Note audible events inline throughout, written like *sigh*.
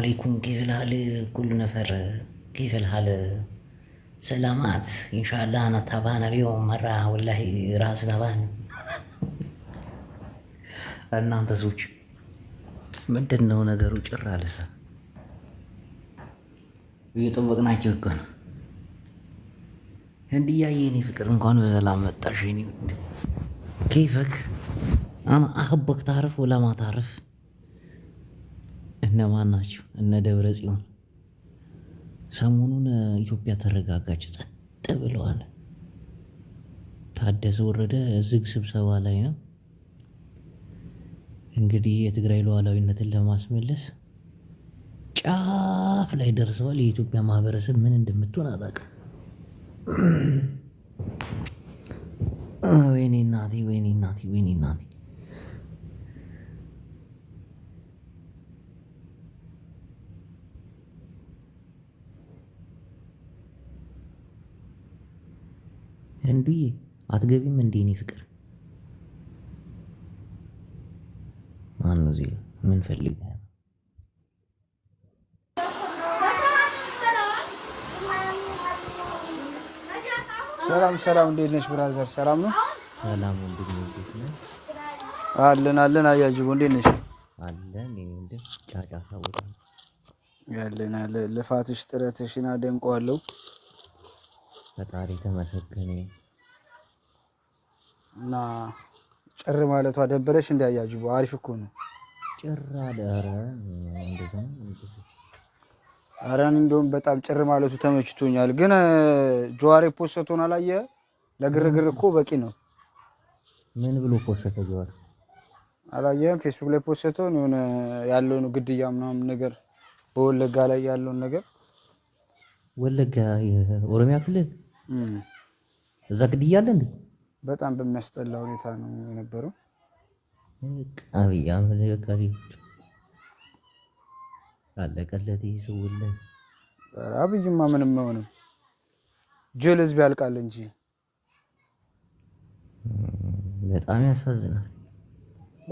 አለይኩም ኬፍልሃል ኩሉ ነፈር ኬፍልሃል ሰላማት ኢንሻላ ናታባን አልዮም መራ ወላ ራስ ታባን እናንተ ሰዎች ምንድን ነው ነገሩ? ጭር አለሰ እየጠበቅናቸው እኮ ነው። ህንድያ የኔ ፍቅር እንኳን በሰላም መጣሽ። ኔ ኬፈክ አህበክ ታርፍ ወላማ ታርፍ እነማን ናቸው? እነ ደብረ ጽዮን ሰሞኑን ኢትዮጵያ ተረጋጋች፣ ጸጥ ብለዋል። ታደሰ ወረደ ዝግ ስብሰባ ላይ ነው እንግዲህ የትግራይ ሉዓላዊነትን ለማስመለስ ጫፍ ላይ ደርሰዋል። የኢትዮጵያ ማህበረሰብ ምን እንደምትሆን አላውቅም። ወይኔ እናቴ፣ ወይኔ እናቴ፣ ወይኔ እናቴ እንዱዬ አትገቢም እንዴ? እኔ ፍቅር ማነው እዚህ ምን ፈልገህ ሰላም ሰላም፣ እንዴት ነሽ ብራዘር? ሰላም ነው። ሰላም ወንድም፣ እንዴት ነህ? አለን አለን። አያጅቦ እንዴት ነሽ? አለን። እንዴት ጫጫታ ቦታ ያለን አለ። ልፋትሽ ጥረትሽን አደንቀዋለሁ። ፈጣሪ ተመሰገነ። እና ጭር ማለቷ ደበረሽ? እንዲያያጅ አሪፍ እኮ ነው። ጭር አለ። ኧረ እንደውም በጣም ጭር ማለቱ ተመችቶኛል። ግን ጀዋሬ ፖሰቶን አላየ ለግርግር እኮ በቂ ነው። ምን ብሎ ፖሰተ ጀዋሬ? አላየህም? ፌስቡክ ላይ ፖሰቶን የሆነ ያለውን ግድያ ምናምን ነገር በወለጋ ላይ ያለውን ነገር ወለጋ፣ ኦሮሚያ ክልል እዛ ግድያ አለ እንዴ? በጣም በሚያስጠላ ሁኔታ ነው የነበረው። አብይ አህመድ አለቀለት። አብይማ ምንም ሆንም ጀል ህዝብ ያልቃል እንጂ በጣም ያሳዝናል።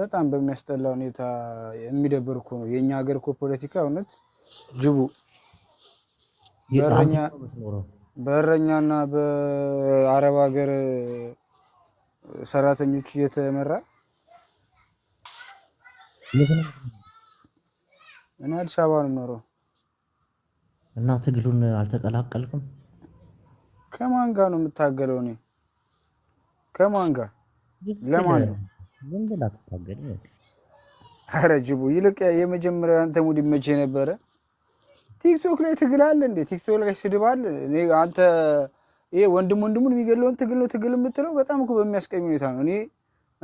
በጣም በሚያስጠላ ሁኔታ የሚደብር እኮ ነው የእኛ ሀገር እኮ ፖለቲካ። እውነት ጅቡ በረኛና በአረብ ሀገር ሰራተኞች እየተመራ እኔ አዲስ አበባ ነው የምኖረው። እና ትግሉን አልተቀላቀልክም? ከማን ጋር ነው የምታገለው? እኔ ከማን ጋር ለማን ነው? አረ ጅቡ ይልቅ የመጀመሪያው አንተ ሙድ መቼ ነበረ? ቲክቶክ ላይ ትግል አለ እንዴ? ቲክቶክ ላይ ስድብ አለ? አንተ ይሄ ወንድም ወንድሙን የሚገለውን ትግል ነው ትግል የምትለው በጣም እኮ በሚያስቀኝ ሁኔታ ነው። እኔ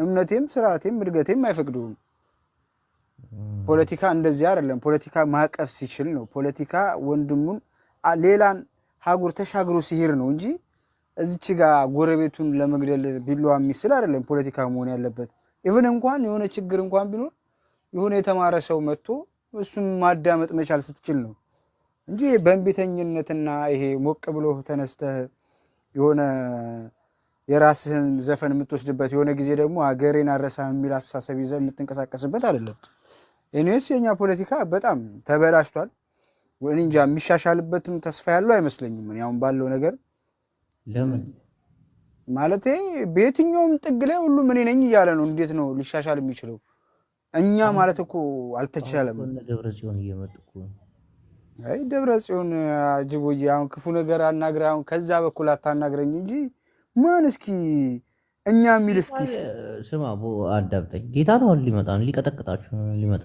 እምነቴም ስርዓቴም እድገቴም አይፈቅዱም። ፖለቲካ እንደዚህ አይደለም። ፖለቲካ ማዕቀፍ ሲችል ነው። ፖለቲካ ወንድሙን ሌላን ሀጉር ተሻግሮ ሲሄድ ነው እንጂ እዚች ጋ ጎረቤቱን ለመግደል ቢለዋ የሚስል አይደለም ፖለቲካ መሆን ያለበት። ኢቨን እንኳን የሆነ ችግር እንኳን ቢኖር የሆነ የተማረ ሰው መጥቶ እሱም ማዳመጥ መቻል ስትችል ነው እንጂ በእንቢተኝነትና ይሄ ሞቅ ብሎ ተነስተህ የሆነ የራስህን ዘፈን የምትወስድበት የሆነ ጊዜ ደግሞ ሀገሬን አረሳ የሚል አስተሳሰብ ይዘህ የምትንቀሳቀስበት አይደለም። እኔስ የኛ ፖለቲካ በጣም ተበላሽቷል። እንጃ የሚሻሻልበትም ተስፋ ያለው አይመስለኝም። ያሁን ባለው ነገር ለምን ማለት በየትኛውም ጥግ ላይ ሁሉም እኔ ነኝ እያለ ነው። እንዴት ነው ሊሻሻል የሚችለው? እኛ ማለት እኮ አልተቻለም። ደብረ ጽዮን እየመጡ አይ ደብረ ጽዮን ጅቦዬ፣ አሁን ክፉ ነገር አናግረህ አሁን ከዛ በኩል አታናግረኝ እንጂ ማን እስኪ እኛ የሚል እስኪ ስማ፣ አዳብጠኝ ጌታ ነው ሊመጣ ሊቀጠቅጣችሁ ሊመጣ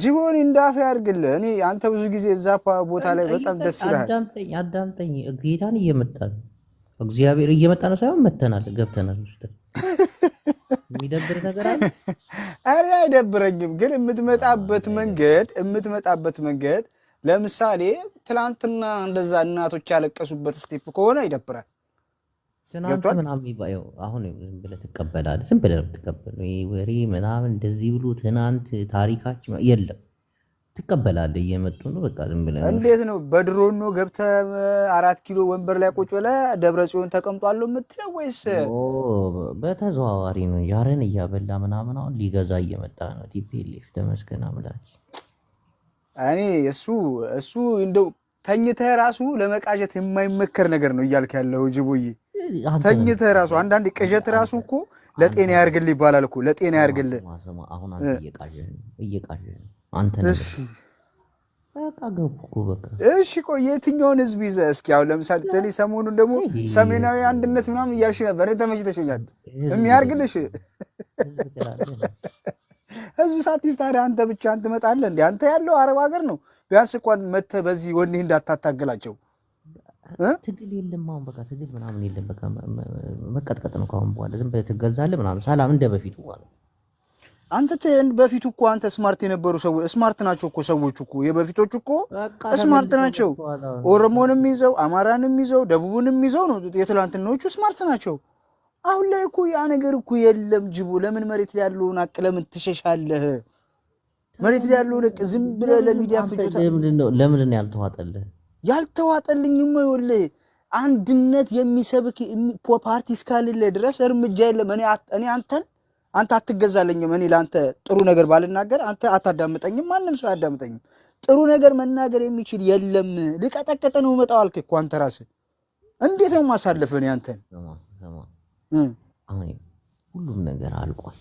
ጅቦን እንዳፈ ያድርግልህ። እኔ አንተ ብዙ ጊዜ እዛ ቦታ ላይ በጣም ደስ ይላል። አዳምጠኝ፣ አዳምጠኝ። ጌታን እየመጣ ነው እግዚአብሔር እየመጣ ነው ሳይሆን መተናል ገብተናል ውስጥ የሚደብር ነገር አለ። ኧረ *laughs* አይደብረኝም፣ ግን የምትመጣበት መንገድ የምትመጣበት መንገድ ለምሳሌ ትላንትና እንደዛ እናቶች ያለቀሱበት ስቴፕ ከሆነ ይደብራል። ትናንት ምናምን አሁን ዝም ብለህ ትቀበላለህ። ዝም ብለህ ትቀበላለህ። ወሬ ምናምን እንደዚህ ብሎ ትናንት ታሪካችን የለም ትቀበላለህ። እየመጡ ነው በቃ ዝም ብለህ እንዴት ነው በድሮኖ ገብተህ አራት ኪሎ ወንበር ላይ ቁጭ ብለህ ደብረ ጽዮን ተቀምጧለሁ የምትለው ወይስ በተዘዋዋሪ ነው? ያረን እያበላ ምናምን አሁን ሊገዛ እየመጣ ነው። ቲፒኤልኤፍ ተመስገን አምላክ እኔ እሱ እሱ እንደው ተኝተህ ራሱ ለመቃዠት የማይመከር ነገር ነው እያልክ ያለው ጅቦዬ። ተኝተህ ራሱ አንዳንድ ቅዠት ራሱ እኮ ለጤና ያርግል ይባላል እኮ ለጤና ያርግል። እሺ ቆ የትኛውን ህዝብ ይዘህ እስኪ አሁን ለምሳሌ ተሊ ሰሞኑን ደግሞ ሰሜናዊ አንድነት ምናምን እያልሽ ነበር። ተመችተሽኛል። የሚያርግልሽ ህዝብ ሳትይዝ ታዲያ አንተ ብቻህን ትመጣለህ እንዴ? አንተ ያለው አረብ ሀገር ነው። ቢያንስ እንኳን መተህ በዚህ ወኔ እንዳታታገላቸው። ትግል የለም አሁን በቃ ትግል ምናምን የለም። በቃ መቀጥቀጥ ነው ከአሁን በኋላ ዝም ብለህ ትገዛለህ ምናምን። ሰላም እንደ በፊቱ ማለት አንተ በፊቱ እኮ አንተ ስማርት የነበሩ ሰዎች ስማርት ናቸው እኮ ሰዎች እኮ የበፊቶች እኮ ስማርት ናቸው። ኦሮሞንም ይዘው አማራንም ይዘው ደቡብንም ይዘው ነው የትላንትናዎቹ ስማርት ናቸው። አሁን ላይ እኮ ያ ነገር እኮ የለም። ጅቡ ለምን መሬት ላይ ያለውን አቅ ለምን ትሸሻለህ? መሬት ላይ ያለውን እቅ ዝም ብለህ ለሚዲያ ፍጆታ ለምንድን ነው ያልተዋጠልህ? ያልተዋጠልኝማ ይኸውልህ አንድነት የሚሰብክ ፓርቲ እስካልለ ድረስ እርምጃ የለም። እኔ አንተን አንተ አትገዛለኝም። እኔ ለአንተ ጥሩ ነገር ባልናገር አንተ አታዳምጠኝም። ማንም ሰው አያዳምጠኝም። ጥሩ ነገር መናገር የሚችል የለም። ልቀጠቀጠ ነው መጣው አልክ እኮ አንተ ራስህ። እንዴት ነው ማሳለፍን አንተን አሁን ሁሉም ነገር አልቋል።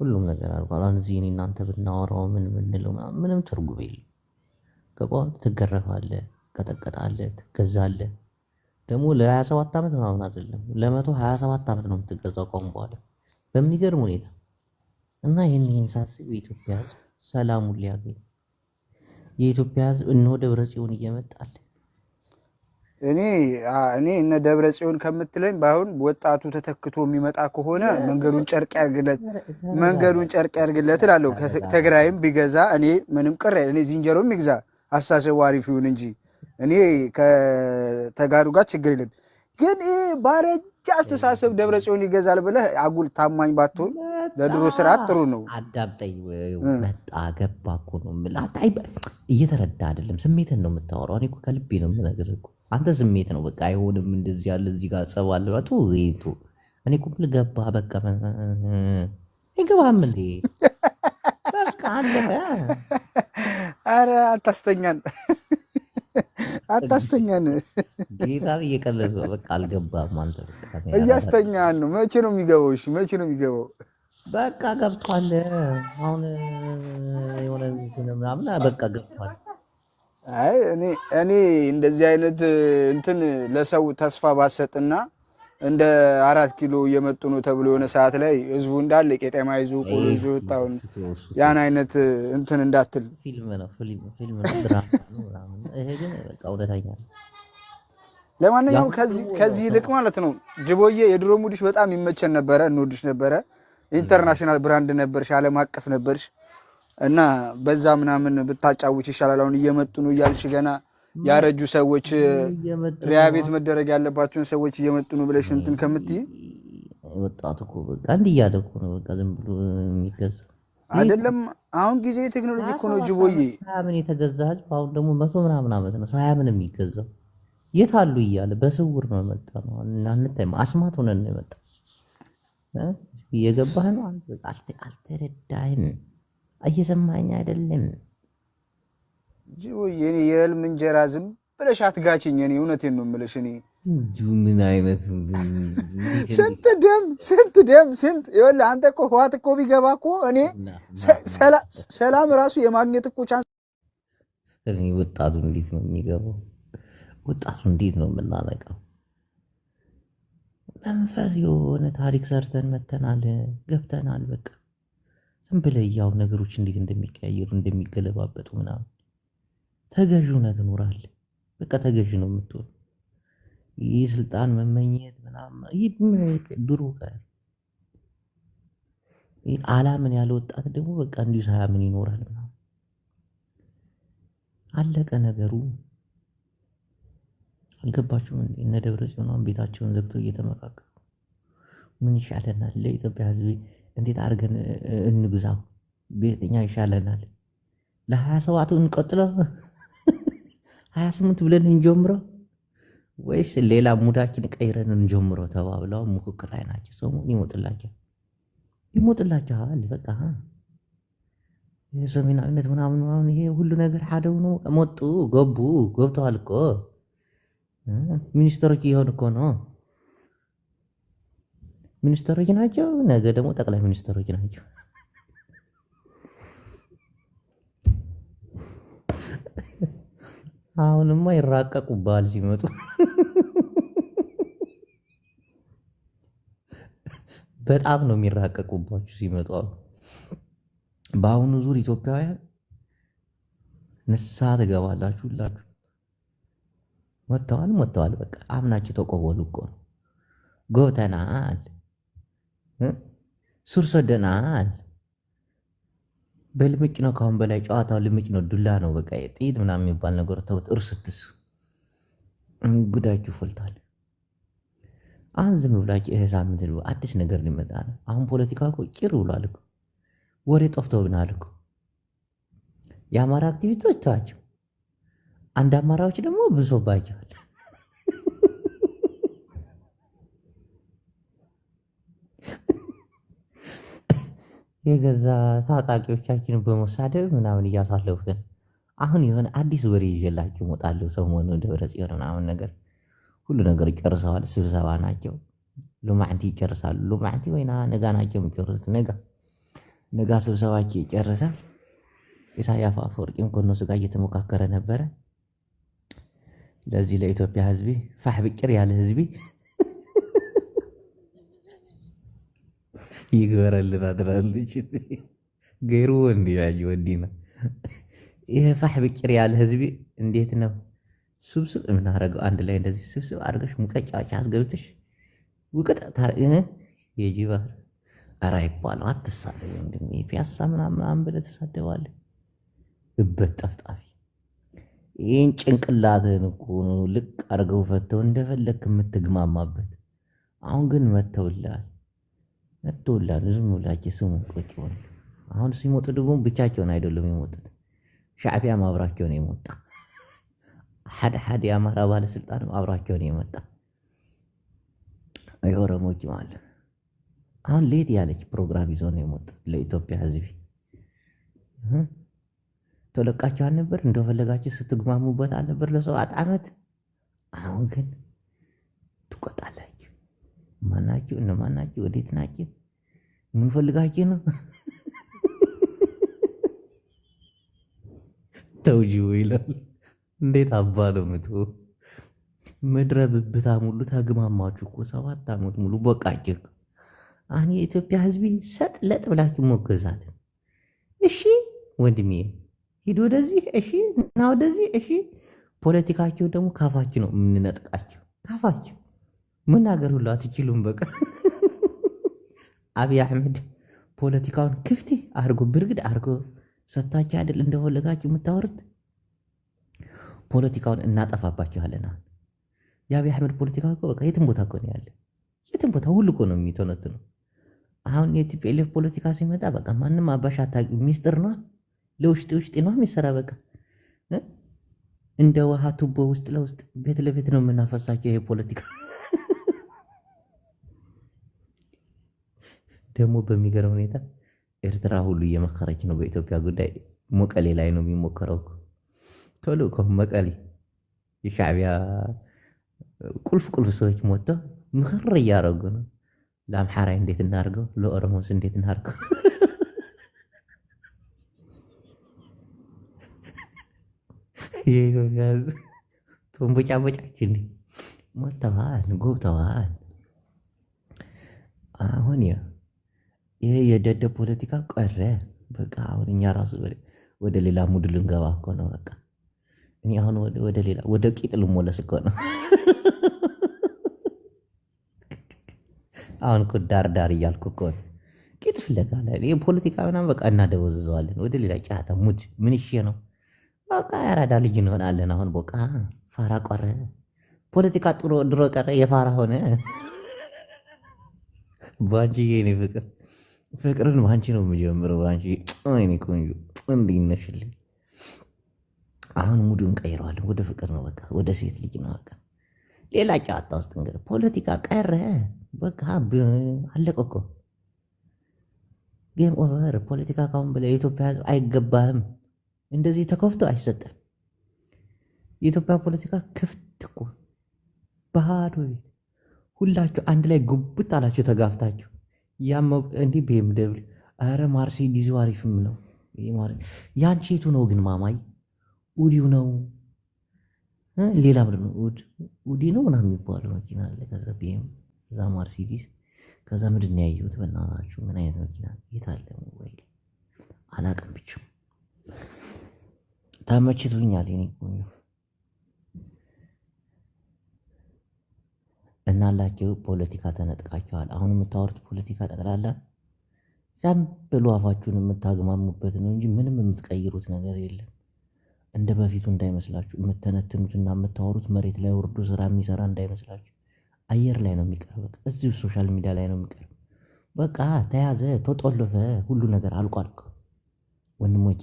ሁሉም ነገር አልቋል። አሁን እዚህ እኔ እናንተ ብናወራው ምን ምንለው ምንም ትርጉም የለም። ገባህ? ትገረፋለህ፣ ትቀጠቀጣለህ፣ ትገዛለህ። ደግሞ ለ27 ዓመት ምናምን አይደለም ለ127 ዓመት ነው የምትገዛው ከአሁን በኋላ በሚገርም ሁኔታ እና ይህን ይህን ሳስብ የኢትዮጵያ ሕዝብ ሰላሙን ሊያገኝ የኢትዮጵያ ሕዝብ እነሆ ደብረ ጽዮን እየመጣል እኔ እኔ እነ ደብረ ጽዮን ከምትለኝ በአሁን ወጣቱ ተተክቶ የሚመጣ ከሆነ መንገዱን ጨርቅ ያርግለት፣ መንገዱን ጨርቅ ያርግለት እላለሁ። ትግራይም ቢገዛ እኔ ምንም ቅር እኔ ዝንጀሮም ይግዛ አስተሳሰብ አሪፍ ይሁን እንጂ እኔ ከተጋዱ ጋር ችግር የለም። ግን ባረጃ አስተሳሰብ ደብረ ጽዮን ይገዛል ብለህ አጉል ታማኝ ባትሆን ለድሮ ስርዓት ጥሩ ነው። አዳምጠኝ። መጣ ገባ እኮ ነው የምልህ። እየተረዳ አይደለም ስሜትን ነው የምታወራው። እኔ ከልቤ ነው የምነግርህ እኮ አንተ ስሜት ነው በቃ አይሆንም፣ እንደዚህ ያለ እዚህ ጋር ጸባል አለ ቱ እኔ እኮ ገባ በቃ ይገባም እንዴ በቃ አለቀ። አረ አታስተኛን አታስተኛን ጌታ እየቀለድ በቃ አልገባህም አንተ እያስተኛህን ነው። መቼ ነው የሚገባው? እሺ መቼ ነው የሚገባው? በቃ ገብቷል። አሁን የሆነ ምናምን በቃ ገብቷል። አይ እኔ እንደዚህ አይነት እንትን ለሰው ተስፋ ባሰጥና እንደ አራት ኪሎ እየመጡ ነው ተብሎ የሆነ ሰዓት ላይ ህዝቡ እንዳለ ቄጤማ ይዞ ቆሎ ይዞ ወጣውን ያን አይነት እንትን እንዳትል ለማንኛውም ከዚህ ይልቅ ማለት ነው ጅቦዬ የድሮ ሙድሽ በጣም ይመቸን ነበረ፣ እንወድሽ ነበረ። ኢንተርናሽናል ብራንድ ነበርሽ፣ አለም አቀፍ ነበርሽ። እና በዛ ምናምን ብታጫውች ይሻላል። አሁን እየመጡ ነው እያልሽ ገና ያረጁ ሰዎች ሪያ ቤት መደረግ ያለባቸውን ሰዎች እየመጡ ነው ብለሽ እንትን ከምትይ ወጣቱ እኮ በቃ እንዲህ እያለ እኮ ነው በቃ ዝም ብሎ የሚገዛ አይደለም። አሁን ጊዜ ቴክኖሎጂ እኮ ነው። ጅቦዬ ምን የተገዛ ህዝብ አሁን ደግሞ መቶ ምናምን ዓመት ነው ሳያ ምን የሚገዛው የት አሉ እያለ በስውር ነው የመጣ ነው። አንታይም አስማት ሆነን ነው የመጣ እየገባህ ነው። አልተረዳህም እየሰማኝ አይደለም። ጅቦዬ የኔ የህልም እንጀራ ዝም ብለሽ አትጋችኝ። እኔ እውነቴን ነው የምልሽ። እኔ ምን አይነት ስንት ደም ስንት ደም ስንት ይኸውልህ፣ አንተ እኮ ህዋት እኮ ቢገባ እኮ እኔ ሰላም ራሱ የማግኘት እኮ ቻንስ። ወጣቱ እንዴት ነው የሚገባው? ወጣቱ እንዴት ነው የምናነቀው? መንፈስ የሆነ ታሪክ ሰርተን መተናል፣ ገብተናል በቃ ዝም ብለህ ያው ነገሮች እንዴት እንደሚቀያየሩ እንደሚገለባበጡ ምናምን ተገዥ ሆነህ ትኖራለህ። በቃ ተገዥ ነው የምትሆን። ይህ ስልጣን መመኘት ምናምን ድሮ ቀር አላምን ያለ ወጣት ደግሞ በቃ እንዲሁ ሳያምን ይኖራል ምናምን አለቀ ነገሩ። አልገባችሁም? እነ ደብረ ጽዮን ቤታቸውን ዘግተው እየተመካከሉ ምን ይሻለናል ለኢትዮጵያ ሕዝብ እንዴት አድርገን እንግዛው? ቤተኛ ይሻለናል። ለሀያ ሰባቱ እንቀጥለው ሀያ *laughs* ስምንት ብለን እንጀምረው ወይስ ሌላ ሙዳችን ቀይረን እንጀምረው ተባብለው ምክክር ላይ ናቸው። ሰሞኑን ይሞጥላቸው ይሞጥላቸዋል። በቃ ሰሜናዊነት ምናምን ምናምን ይሄ ሁሉ ነገር ሓደ ሆኖ መጡ ገቡ ገብተዋል እኮ ሚኒስትሮች እየሆን እኮ ነው ሚኒስትሮች ናቸው። ነገ ደግሞ ጠቅላይ ሚኒስትሮች ናቸው። አሁንማ ይራቀቁባል ሲመጡ በጣም ነው የሚራቀቁባችሁ ሲመጡ። አሁን በአሁኑ ዙር ኢትዮጵያውያን ንስሐ ትገባላችሁ። ሁላችሁ ሞተዋል ሞተዋል፣ በቃ አምናችሁ ተቆበሉ እኮ ነው። ጎብተናል ሱር ሰደናል። በልምጭ ነው። ካሁን በላይ ጨዋታው ልምጭ ነው፣ ዱላ ነው። በቃ ጥይት ምናምን የሚባል ነገር ተውት። እርስትስ ጉዳችሁ ፎልታል አሁን ዝም ብላችሁ ይሄ ሳምንት አዲስ ነገር ሊመጣ ነው። አሁን ፖለቲካ እኮ ጭር ብሏል እኮ ወሬ ጠፍቶብናል እኮ የአማራ አክቲቪስቶች ተዋቸው፣ አንድ አማራዎች ደግሞ ብሶባቸዋል። የገዛ ታጣቂዎቻችን በመሳደብ ምናምን እያሳለፉትን አሁን የሆነ አዲስ ወሬ ይዤላችሁ እመጣለሁ። ሰሞኑን ደብረጽዮን ምናምን ነገር ሁሉ ነገር ጨርሰዋል። ስብሰባ ናቸው። ሉማዕንቲ ይጨርሳሉ። ሉማዕንቲ ወይና ነጋ ናቸው የሚጨርሱት። ነጋ ነጋ ስብሰባቸው ይጨርሳል። ኢሳያስ አፈወርቂም ከነሱ ጋር እየተሞካከረ ነበረ። ለዚህ ለኢትዮጵያ ህዝቢ ፋሕ ብቅር ያለ ህዝቢ ይግበረልና ትላለች። ገይሩ ወንድ ያጅ ወዲና ይህ ፋሕ ብቅር ያለ ህዝቢ እንዴት ነው ስብስብ የምናደርገው? አንድ ላይ እንደዚህ ስብስብ አድርገሽ ሙቀጫዎች አስገብተሽ ውቅጥ የጅባር ኧረ አይባልም። አትሳደብ ወንድሜ፣ ፒያሳ ምናምን ብለህ ትሳደባለህ። እበት ጠፍጣፊ ይህን ጭንቅላትህን እኮ ልቅ አድርገው ፈተው እንደፈለግክ የምትግማማበት። አሁን ግን መተውልሃል። መጥቶላል ዝም ብላችሁ ስሙ። ቁጭ ብሎ አሁን ሲሞጡ ደግሞ ብቻቸውን አይደለም የሞጡት፣ ሻዕቢያም አብራቸው ነው የመጣ። ሓደ ሓደ የአማራ ባለስልጣንም አብራቸው ነው የመጣ። የኦሮሞዎችም አለ። አሁን ሌት ያለች ፕሮግራም ይዞ ነው የመጡት ለኢትዮጵያ ህዝቢ ተለቃቸው አልነበር? እንደፈለጋቸው ስትግማሙበት አልነበር? ለሰባት ዓመት አሁን ግን ትቆጣለ ማናችሁ? እነማን ወዴት ናችሁ? ምን ፈልጋችሁ ነው? ተውጂ ይላል። እንዴት አባ ነው ምት ምድረ ብብታ ሙሉ ተግማማችሁ እኮ ሰባት ዓመት ሙሉ በቃችሁ። አሁን የኢትዮጵያ ህዝቢ ሰጥ ለጥ ብላችሁ ሞገዛት። እሺ ወንድሜ ሂድ ወደዚህ፣ እሺ እና ወደዚህ፣ እሺ ፖለቲካችሁ ደግሞ ካፋችሁ ነው የምንነጥቃችሁ ካፋችሁ መናገር ሁሉ አትችሉም። በቃ አብይ አሕመድ ፖለቲካውን ክፍት አድርጎ ብርግድ አድርጎ ሰጥታችሁ አይደል እንደፈለጋችሁ የምታወርት ፖለቲካውን እናጠፋባችኋለን። አሁን የአብይ አሕመድ ፖለቲካ እኮ በቃ የትም ቦታ እኮ ነው ያለ፣ የትም ቦታ ሁሉ እኮ ነው ነው። አሁን የቲፒኤልኤፍ ፖለቲካ ሲመጣ በቃ ማንም አባሽ አታቂ ሚስጥር ነ ለውሽጢ ውሽጢ ነ የሚሰራ በቃ እንደ ውሃ ቱቦ ውስጥ ለውስጥ ቤት ለቤት ነው የምናፈሳቸው ይሄ ፖለቲካ ደግሞ በሚገርም ሁኔታ ኤርትራ ሁሉ እየመከረች ነው። በኢትዮጵያ ጉዳይ መቀሌ ላይ ነው የሚሞከረው። ቶሎ መቀሌ የሻዕቢያ ቁልፍ ቁልፍ ሰዎች ሞተው ምክር እያረጉ ነው። ለአምሓራይ እንዴት እናርገው፣ ለኦሮሞስ እንዴት እናርገው። *laughs* የኢትዮጵያ ህዝብ ቶንቦጫ ቦጫች ሞተዋል፣ ጎብተዋል። አሁን ያ ይሄ የደደብ ፖለቲካ ቀረ። በቃ አሁን እኛ ራሱ ወደ ሌላ ሙድ ልንገባ እኮ ነው። በቃ እኔ አሁን ወደ ሌላ ወደ ቂጥ ልሞለስ እኮ ነው። አሁን እኮ ዳር ዳር እያልኩ እኮ ነው። ቂጥ ፍለጋ ላይ ይሄ ፖለቲካ ምናምን በቃ እናደበዝዘዋለን። ወደ ሌላ ጫታ ሙድ ምን ሽ ነው በቃ ያራዳ ልጅ እንሆናለን። አሁን በቃ ፋራ ቆረ። ፖለቲካ ጥሮ ድሮ ቀረ፣ የፋራ ሆነ። ባንቺዬ የኔ ፍቅር ፍቅርን ባንቺ ነው የምጀምረው። ባንቺ ይኔ ቆንጆ እንዲነሽልኝ አሁን ሙዱን ቀይረዋለን። ወደ ፍቅር ነው በቃ፣ ወደ ሴት ልጅ ነው በቃ። ሌላ ጨዋታ ውስጥ እንግ ፖለቲካ ቀረ በቃ አለቀ እኮ። ጌም ኦቨር። ፖለቲካ ካሁን በላይ የኢትዮጵያ ሕዝብ አይገባህም። እንደዚህ ተከፍቶ አይሰጥም። የኢትዮጵያ ፖለቲካ ክፍት እኮ ባዶ ቤት። ሁላችሁ አንድ ላይ ጉብት አላችሁ ተጋፍታችሁ ያም እንዲህ ቤምደብል አረ ማርሴዲዙ አሪፍም ነው። ያንቺ የቱ ነው ግን ማማይ? ኡዲው ነው ሌላ ምድ ነው ኡዲ ነው ምናምን የሚባለው መኪና አለ። ከዛ ቤም ከዛ ማርሴዲስ ከዛ ምድን ያየሁት? በእናታችሁ ምን አይነት መኪና የት አለ? ሞባይል አላቅም ብቻ ተመችቶኛል የኔ ቆንጆ። እናላችሁ ፖለቲካ ተነጥቃችኋል። አሁን የምታወሩት ፖለቲካ ጠቅላላ ዛም ብሎ አፋችሁን የምታግማሙበት ነው እንጂ ምንም የምትቀይሩት ነገር የለም። እንደ በፊቱ እንዳይመስላችሁ የምተነትኑትና የምታወሩት መሬት ላይ ወርዶ ስራ የሚሰራ እንዳይመስላችሁ አየር ላይ ነው የሚቀርብ። እዚሁ ሶሻል ሚዲያ ላይ ነው የሚቀርብ። በቃ ተያዘ፣ ተጠለፈ፣ ሁሉ ነገር አልቋል። ወንድሞቼ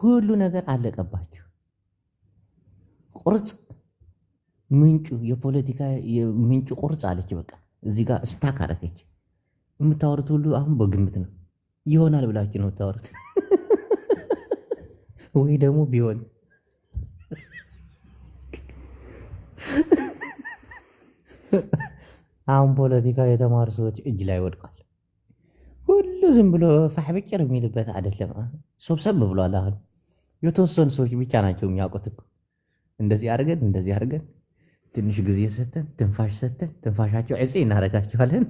ሁሉ ነገር አለቀባችሁ ቁርጽ ምንጩ የፖለቲካ ምንጩ ቁርጽ አለች። በቃ እዚህ ጋር ስታክ አረገች። የምታወሩት ሁሉ አሁን በግምት ነው ይሆናል ብላችሁ ነው የምታወሩት፣ *laughs* ወይ ደግሞ ቢሆን *laughs* አሁን ፖለቲካ የተማሩ ሰዎች እጅ ላይ ወድቋል። ሁሉ ዝም ብሎ ፋሕብጭር የሚልበት አይደለም። ሶብሰብ ብሏል። አሁን የተወሰኑ ሰዎች ብቻ ናቸው የሚያውቁት እኮ እንደዚህ አድርገን እንደዚህ አድርገን ትንሽ ጊዜ ሰተን ትንፋሽ ሰተን ትንፋሻቸው ዕፄ እናደርጋቸዋለን።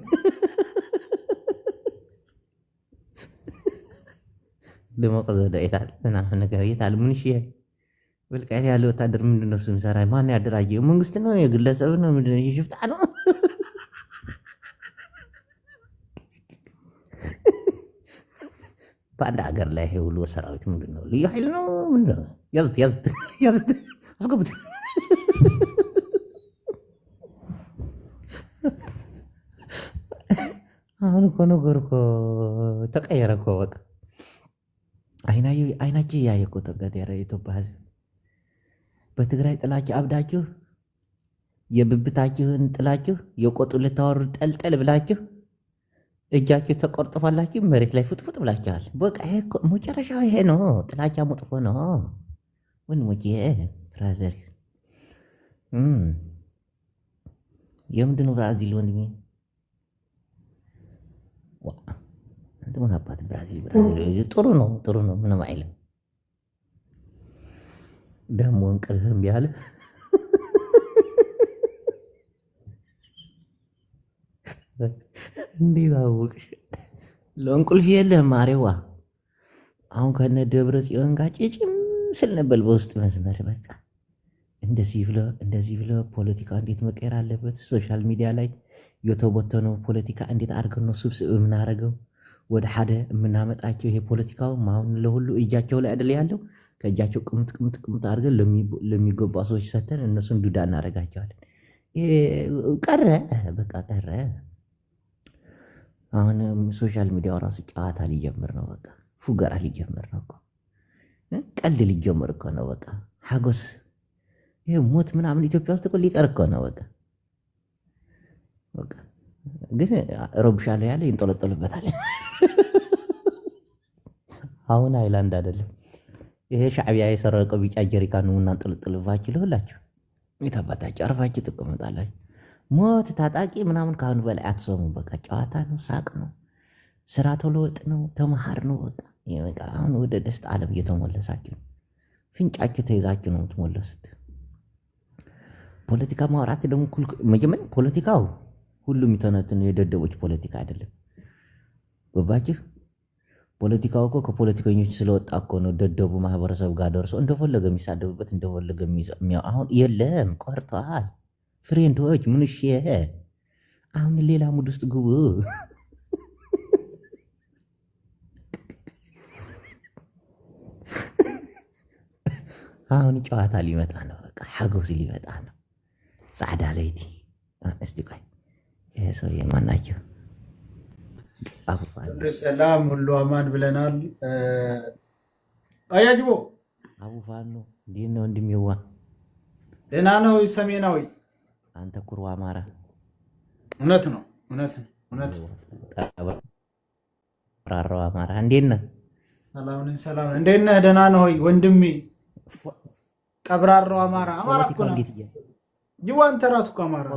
ድሞቅ ዘዶ የታል ምናምን ነገር የታል ምን ወልቃይት ያለ ወታደር ምንድን ነው እሱ የሚሰራ? ማን ያደራጀው? መንግስት ነው? የግለሰብ ነው? ምንድን ነው? ሽፍታ ነው? *laughs* በአንድ ሀገር ላይ ይሄ ሁሉ ሰራዊት ምንድን ነው? ልዩ ኃይል ነው? ምንድን ነው? ያዙት፣ ያዙት፣ ያዙት፣ አስገቡት *laughs* አሁን እኮ ነገር እኮ ተቀየረ እኮ በቃ አይናቸው እያየ እኮ ተቀየረ። የኢትዮጵያ ሕዝብ በትግራይ ጥላችሁ አብዳችሁ የብብታችሁን ጥላችሁ የቆጡ ልታወሩ ጠልጠል ብላችሁ እጃችሁ ተቆርጥፋላችሁ መሬት ላይ ፍጥፍጥ ብላችኋል። በቃ መጨረሻው ይሄ ነው። ጥላቻ መጥፎ ነው። ወንድሞቼ ብራዘር የምንድነው ብራዚል ወንድሜ ምን አባት ብራዚል ብራዚል ጥሩ ነው ጥሩ ነው፣ ምንም አይልም። ደግሞ እንቅልህም ያለ *laughs* እንዴት አወቅሽ? ለእንቁልፍ የለህም ማሬዋ። አሁን ከነ ደብረ ጽዮን ጋር ጭጭም ስል ነበር በውስጥ መስመር። በቃ እንደዚህ ብለ እንደዚህ ብለ ፖለቲካ እንዴት መቀየር አለበት፣ ሶሻል ሚዲያ ላይ የተቦተነው ፖለቲካ እንዴት አድርገ ነው ስብስብ የምናደርገው ወደ ሓደ የምናመጣቸው ይሄ ፖለቲካው አሁን ለሁሉ እጃቸው ላይ አይደል ያለው። ከእጃቸው ቅምጥ ቅምጥ ቅምጥ አድርገን ለሚገባ ሰዎች ሰተን እነሱን ዱዳ እናደርጋቸዋለን። ቀረ በቃ ቀረ። አሁን ሶሻል ሚዲያው ራሱ ጨዋታ ሊጀምር ነው። በቃ ፉገራ ሊጀምር ነው እኮ ቀልድ ሊጀምር እኮ ነው። በቃ ሀጎስ ይሄ ሞት ምናምን ኢትዮጵያ ውስጥ እኮ ሊቀር እኮ ነው በቃ በቃ ግን ረብሻለሁ ያለ ይንጠለጠሉበታል። አሁን ሃይላንድ አይደለም ይሄ ሻዕቢያ የሰረቀ ቢጫ ጀሪካን እናንጠለጥልባችሁ ልሁላችሁ የታባታችሁ አርፋችሁ ትቀመጣላችሁ። ሞት ታጣቂ ምናምን ካሁን በላይ አትሰሙ። በቃ ጨዋታ ነው፣ ሳቅ ነው፣ ስራ ተለወጥ ነው፣ ተመሃር ነው። በቃ አሁን ወደ ደስታ ዓለም እየተመለሳችሁ ነው። ፍንጫችሁ ተይዛችሁ ነው የምትመለሱት። ፖለቲካ ማውራት ደግሞ መጀመሪያ ፖለቲካው ሁሉም የተነትን የደደቦች ፖለቲካ አይደለም። ገባችሁ? ፖለቲካው እኮ ከፖለቲከኞች ስለወጣ እኮ ነው። ደደቡ ማህበረሰብ ጋር ደርሶ እንደፈለገ የሚሳደብበት እንደፈለገ አሁን የለም፣ ቆርተዋል። ፍሬንዶች ምንሽ አሁን ሌላ ሙድ ውስጥ ግቡ። አሁን ጨዋታ ሊመጣ ነው። በቃ ሀጎስ ሊመጣ ነው። ጻዕዳ ለይቲ እስቲ ቆይ ይህ ሰውዬ ማናቸው? ሰላም ሁሉ አማን ብለናል። አያጅቦ አቡፋኖ እንዴት ነው ወንድሜዋ? ደህና ነው። ሰሜናዊ አንተ ኩሩ አማራ። እውነት ነው፣ እውነት ነው፣ እውነት ጠራራው አማራ። እንዴት ነህ? ሰላም ነኝ፣ ሰላም ነኝ። እንዴት ነህ? ደህና ነህ ወይ ወንድሜ? ቀብራራው አማራ አማራ እኮ ነው ጅቦ። አንተ ራሱ እኮ አማራ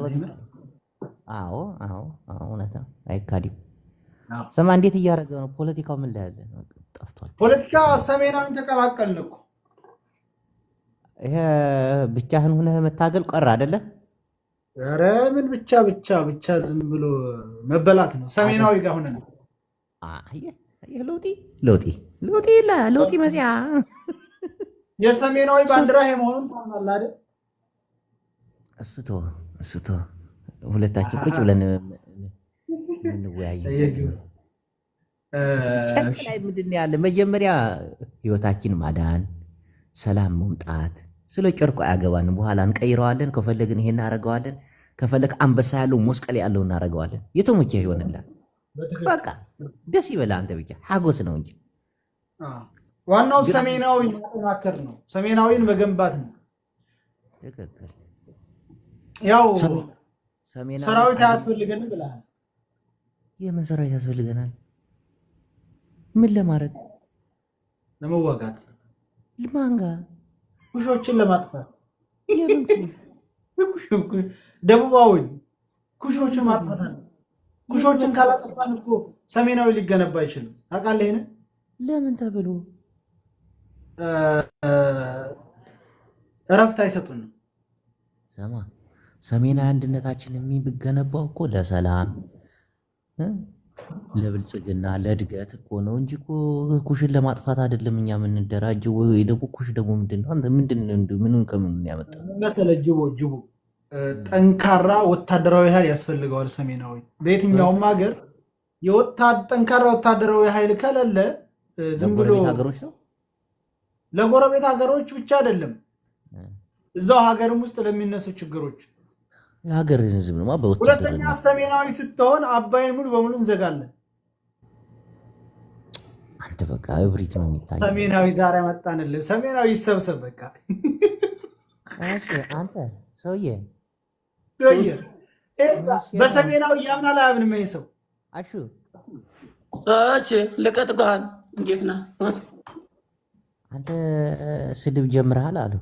አዎ አዎ አዎ እውነት ነው፣ አይካድም። ስማ እንዴት እያደረገ ነው ፖለቲካው? ምን ላይ ያለ ጠፍቷል። ፖለቲካ ሰሜናዊን ተቀላቀልን እኮ ይሄ ብቻህን ሁነህ መታገል ቀረ አይደለ? ኧረ ምን ብቻ ብቻ ብቻ ዝም ብሎ መበላት ነው። ሰሜናዊ ጋር ሆነ ነው ለውጢ ለውጢ ለውጢ ለውጢ መዚያ የሰሜናዊ ባንዲራ መሆኑን ታምናለህ አይደል? እሱቶ እሱቶ ሁለታችን ቁጭ ብለን የምንወያይበት ላይ ምንድን ያለ መጀመሪያ ህይወታችን ማዳን፣ ሰላም መምጣት። ስለ ጨርቆ አያገባንም። በኋላ እንቀይረዋለን። ከፈለግን ይሄ እናደርገዋለን። ከፈለግ አንበሳ ያለው መስቀል ያለው እናደርገዋለን። የተሞቸ ይሆንላ በቃ ደስ ይበላ። አንተ ብቻ ሀጎስ ነው እንጂ ዋናው ሰሜናዊ ማጠናከር ነው። ሰሜናዊን መገንባት ነው። ትክክል ያው ሰራዊት አያስፈልገንም ብለሃል። የምን ሰራዊት ያስፈልገናል? ምን ለማድረግ? ለመዋጋት። ማን ጋር? ኩሾችን ለማጥፋት። ደቡባውን ኩሾችን ማጥፋት አለ። ኩሾችን ካላጠፋን እኮ ሰሜናዊ ሊገነባ አይችልም። ታውቃለህ? ይሄንን ለምን ተብሎ እረፍት አይሰጡንም። ስማ ሰሜናዊ አንድነታችን የሚገነባው እኮ ለሰላም ለብልጽግና ለእድገት እኮ ነው እንጂ እኮ ኩሽን ለማጥፋት አይደለም። እኛ የምንደራጀው ወይ ደግሞ ኩሽ ደግሞ ምንድን ምንን ምኑን ያመጣ መሰለ ጅቦ ጅቦ ጠንካራ ወታደራዊ ኃይል ያስፈልገዋል። ሰሜናዊ በየትኛውም ሀገር ጠንካራ ወታደራዊ ኃይል ከሌለ ዝም ብሎ ሀገሮች ነው ለጎረቤት ሀገሮች ብቻ አይደለም እዛው ሀገርም ውስጥ ለሚነሱ ችግሮች የሀገርን ህዝብ ነው። ሁለተኛ ሰሜናዊ ስትሆን አባይን ሙሉ በሙሉ እንዘጋለን። አንተ በቃ እብሪት ነው የሚታየው። ሰሜናዊ ጋር ያመጣንልህ ሰሜናዊ ይሰብሰብ። በቃ አንተ ሰውዬ በሰሜናዊ ያምና ላይ አያምንም? መሄ ሰው አሹ እሺ፣ ልቀጥ ጓሃን እንዴት ነህ አንተ? ስድብ ጀምረሃል አሉ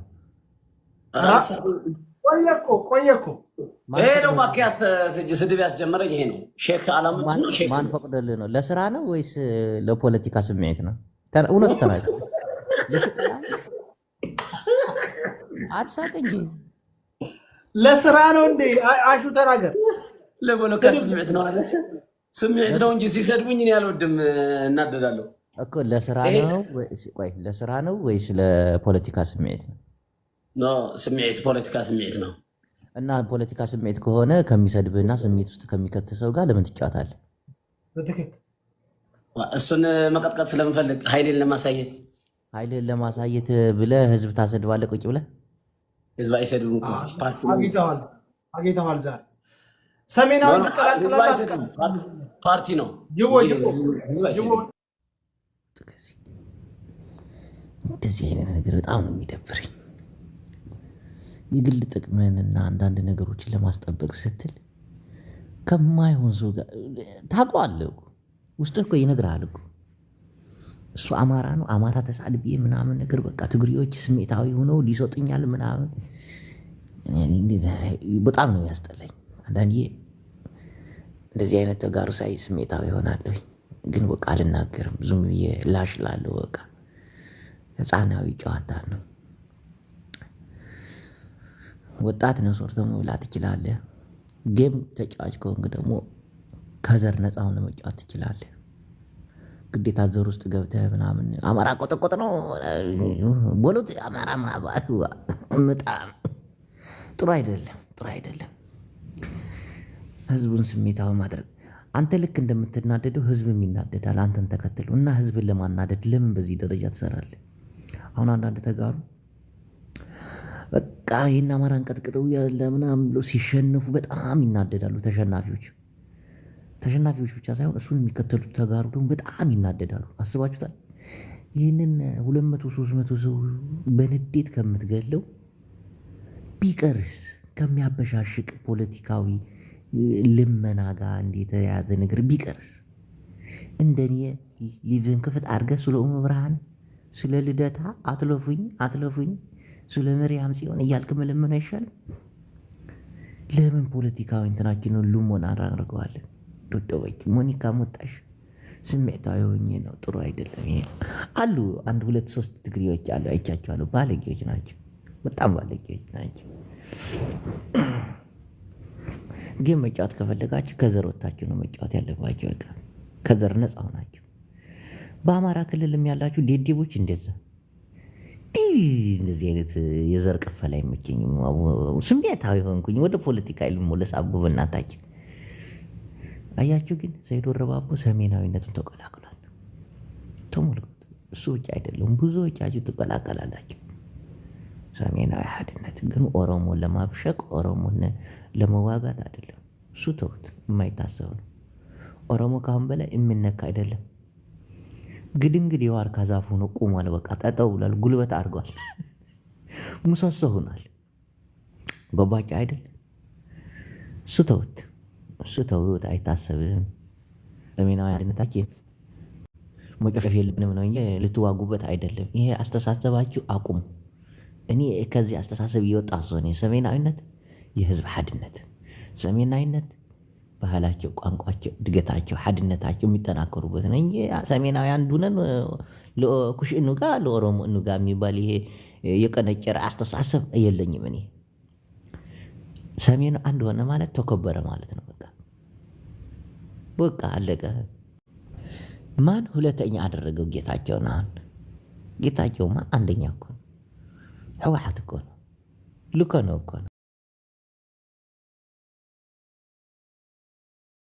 ቆየኩ ቆየኩ። ይሄ ነው ስድብ ያስጀመረኝ ይሄ ነው። ሼክ አላሙዲን ነው። ሼክ ማን ፈቅዶልህ ነው? ለስራ ነው ወይስ ለፖለቲካ ስሜት ነው? እውነት ተናገር። ለስራ ነው እንዴ? አሹ ተናገር። ለፖለቲካ ስሜት ነው አለ። ስሜት ነው እንጂ ሲሰድቡኝ እኔ አልወድም፣ እናደዳለሁ እኮ። ለስራ ነው ወይስ ለፖለቲካ ስሜት ነው? ስሜት ፖለቲካ ስሜት ነው እና ፖለቲካ ስሜት ከሆነ ከሚሰድብህና ስሜት ውስጥ ከሚከት ሰው ጋር ለምን ትጫወታለህ? እሱን መቀጥቀጥ ስለምፈልግ ኃይሌን ለማሳየት ኃይልህን ለማሳየት ብለህ ህዝብ ታሰድባለህ። ቁጭ ብለህ ህዝብ አይሰድብም እኮ አጌተዋል። ዛሬ ሰሜናዊ ፓርቲ ነው። እንደዚህ አይነት ነገር በጣም ነው የሚደብረኝ። የግል ጥቅምህንና አንዳንድ ነገሮችን ለማስጠበቅ ስትል ከማይሆን ሰው ጋር ታውቀዋለህ እኮ ውስጥህ እኮ ይነግርሃል እኮ እሱ አማራ ነው አማራ ተሳድቤ ምናምን ነገር በቃ ትግሬዎች ስሜታዊ ሆነው ሊሰጡኛል ምናምን በጣም ነው ያስጠላኝ። አንዳንዴ እንደዚህ አይነት ተጋሩ ሳይ ስሜታዊ ይሆናለሁ፣ ግን በቃ አልናገርም። ብዙም ላሽ ላለሁ በቃ ህፃናዊ ጨዋታ ነው። ወጣት ነው ሰርተህ መብላት ትችላለህ። ጌም ተጫዋች ከሆንክ ደግሞ ከዘር ነፃ ሆነህ መጫወት ግዴታ ዘር ውስጥ ገብተህ ምናምን አማራ ቆጠቆጥ ነው ቦሎት አማራ ማባቱ ምጣም ጥሩ አይደለም፣ ጥሩ አይደለም። ህዝቡን ስሜታዊ ማድረግ አንተ ልክ እንደምትናደደው ህዝብም ይናደዳል አንተን ተከትሎ እና ህዝብን ለማናደድ ለምን በዚህ ደረጃ ትሰራለህ? አሁን አንዳንድ ተጋሩ በቃ ይህን አማራን ቀጥቅጠው ለምናምን ብሎ ሲሸነፉ በጣም ይናደዳሉ። ተሸናፊዎች ተሸናፊዎች ብቻ ሳይሆን እሱን የሚከተሉት ተጋሩ ደግሞ በጣም ይናደዳሉ። አስባችሁታል? ይህንን ሁለት መቶ ሶስት መቶ ሰው በንዴት ከምትገለው ቢቀርስ ከሚያበሻሽቅ ፖለቲካዊ ልመና ጋር የተያዘ ነገር ቢቀርስ እንደኔ ሊቭን ክፍት አድርገህ ስለ ብርሃን ስለ ልደታ አትለፉኝ አትለፉኝ ሱለመሪያም ሲሆን እያልክ መለመን አይሻልም? ለምን ፖለቲካዊ እንትናችንን ልሞን አራርገዋለን? ዶደወች ሞኒካ ሞጣሽ ስሜታዊ ሆኜ ነው። ጥሩ አይደለም ይሄ። አሉ አንድ ሁለት ሶስት ትግሬዎች አሉ አይቻቸዋለሁ። ባለጌዎች ናቸው፣ በጣም ባለጌዎች ናቸው። ግን መጫወት ከፈለጋችሁ ከዘር ወታችሁ ነው መጫወት ያለባቸው። በቃ ከዘር ነፃው ናቸው። በአማራ ክልልም ያላችሁ ዴዴቦች እንደዛ እንደዚህ አይነት የዘር ቅፈላ አይመቸኝም። ስሜታዊ ሆንኩኝ። ወደ ፖለቲካ ልመለስ። አጉብና በእናታችን አያችሁ። ግን ዘይዶ ረባቦ ሰሜናዊነቱን ተቀላቅሏል። ተሞልኩት። እሱ ብቻ አይደለም፣ ብዙዎቻችሁ ትቀላቀላላችሁ። ሰሜናዊ ሀድነት ግን ኦሮሞን ለማብሸቅ ኦሮሞን ለመዋጋት አይደለም። እሱ ተውት፣ የማይታሰብ ነው። ኦሮሞ ካሁን በላይ የምነካ አይደለም። ግድንግድ የዋርካ ዛፍ ሆኖ ቁሟል። በቃ ጠጠው ብሏል። ጉልበት አድርጓል። ሙሰሶ *laughs* ሆኗል። ገባጭ አይደል? እሱ ተውት፣ እሱ ተውት። አይታሰብም። ሰሜናዊ አንድነታችን መጨረሻ የለብንም ነው እ ልትዋጉበት አይደለም። ይሄ አስተሳሰባችሁ አቁሙ። እኔ ከዚህ አስተሳሰብ እየወጣ ሰሆን ሰሜናዊነት የህዝብ ሓድነት ሰሜናዊነት ባህላቸው፣ ቋንቋቸው፣ እድገታቸው፣ ሀድነታቸው የሚጠናከሩበት ነው እንጂ ሰሜናዊ አንዱነን ኩሽ እኑጋ ለኦሮሞ እኑጋ የሚባል ይሄ የቀነጨረ አስተሳሰብ የለኝም እኔ። ሰሜኑ አንድ ሆነ ማለት ተከበረ ማለት ነው። በቃ በቃ አለቀ። ማን ሁለተኛ አደረገው? ጌታቸውን። ጌታቸው ጌታቸውማ አንደኛ እኮ ነው። ህወሓት እኮ ነው። ልኮ ነው እኮ ነው።